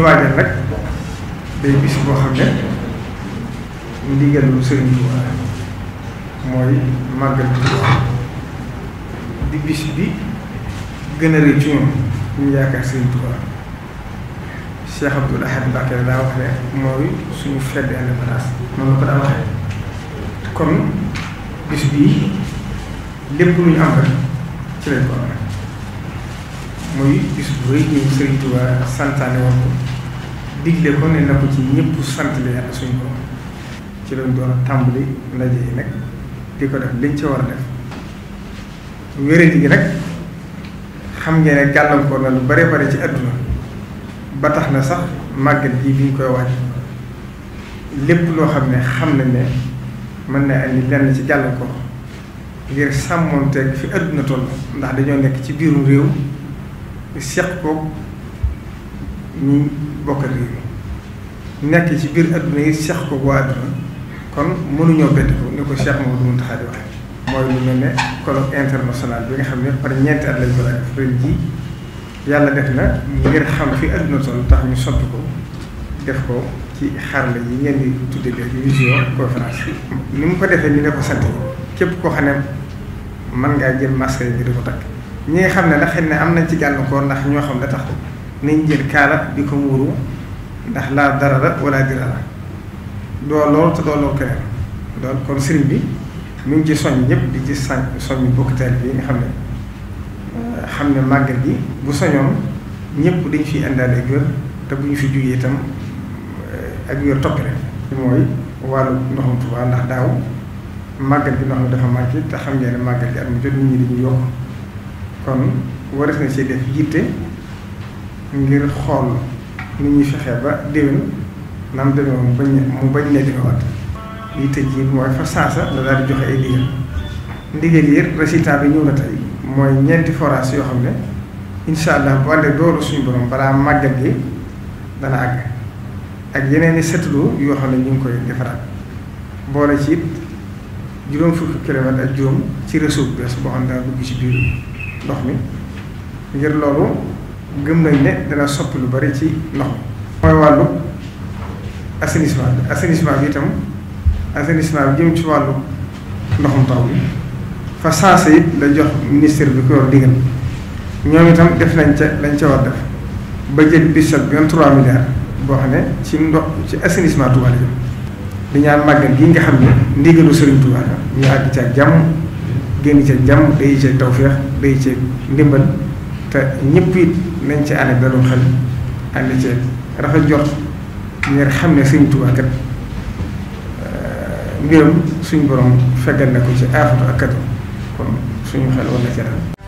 ñuy waajal nag day bis boo xam ne ndigalu Sëriñ Tuubaa mooy màggal di bis bi gën a rëy ci ñoom ñu yaakaar Sëriñ Tuubaa Cheikh Abdoul Ahad Mbacké daa wax mooy suñu fête d'indépendance noonu la ko daa waxee kon bis bii lépp lu ñu am rek ci lañ ko muy bis bu rëy bi Sëriñ Tuubaa santaane woon ko digle ko ne na ko ci ñëpp sant la yàlla suñ ko ci lañ doon tàmbali ndaje yi nag di ko def liñ ci war a def wéradi gi nag xam ngeen ne gàllankoor na lu bare bare ci àdduna ba tax na sax màggal ji bi ñu koy wàcc lépp loo xam ne xam nañ ne mën na andi lenn ci gàllankoor ngir sàmmoonteeg fi àdduna toll ndax dañoo nekk ci biirum réew seq ko ñu bokk réew mi nekk ci biir adduna yi seq ko waa adduna kon mënuñoo bett ko ni ko Cheikh Mamadou Mountakha di waxee. mooy lu mel ne colloque international bi nga xam ne par ñeenti at lañ ko daan def ren jii yàlla def na ngir xam fi adduna toll tax ñu sotti ko def ko ci xarala yi ngeen di tuddee léegi visio conférence ni mu ko defee ñu ne ko sant képp koo xam ne mën ngaa jël masque yi di ko takk. ñi nga xam ne nag xëy na am nañ ci gàllankoor ndax ñoo xam ne tax nañ jël kaala di ko muuru ndax laa dara la wala dira la doo lool te doo lool keneen loolu kon sëriñ bi mu ngi ci soñ ñëpp di ci sañ soñ bokkuteel bi nga xam ne xam ne màggal gi bu soñoon ñëpp dañ fi indaale ak wér te bu ñu fi jugee itam ak wér toppale mooy wàllu ndoxum Tuubaa ndax daaw màggal gi ndox mi dafa manqué te xam ngeen ne màggal gi at mu jot nit ñi dañuy yokk kon waris na ci def yitte ngir xool ni ñuy fexe ba déwén nam demee mu bañ mu bañ ne defewaat yitte ji mooy fa saasa la daal di joxe ay ndigal ndigal yi résultat bi ñëw na tey mooy ñeenti forage yoo xam ne incha allah bu àndee dooru suñu borom balaa màggal gi dana àgg ak yeneen i seetlu yoo xam ne ñu ngi koy defaraat boole ci it juróom fukki kilomètre ak juróom ci réseau bu bees boo xam ne dana dugg ci biir. ndox mi ngir loolu gëm nañ ne dana sopp lu bari ci ndox mi mooy wàllu assainissement bi assainissement bi itam assainissement bi jëm ci wàllu ndoxum taw bi fa saasa la jox ministère bi ko yor digal ñoom itam def nañ ca lañ ca war def ba jël budget bi 23 milliards boo xam ne ci ndox ci assainissement Touba la jëm di ñaan màggal gi nga xam ne ndigalu Serigne Touba la ñu àgg ci jàmm génn ca jàmm day ca tawféex day ca ndimbal te ñëpp it nañ ci ànd daloo xel ànd ci rafet jot ngir xam ne sëñ Tuubaa kat euh, mbiram suñ borom feggal na ko ci aafatu ak kon suñu xel war ca dal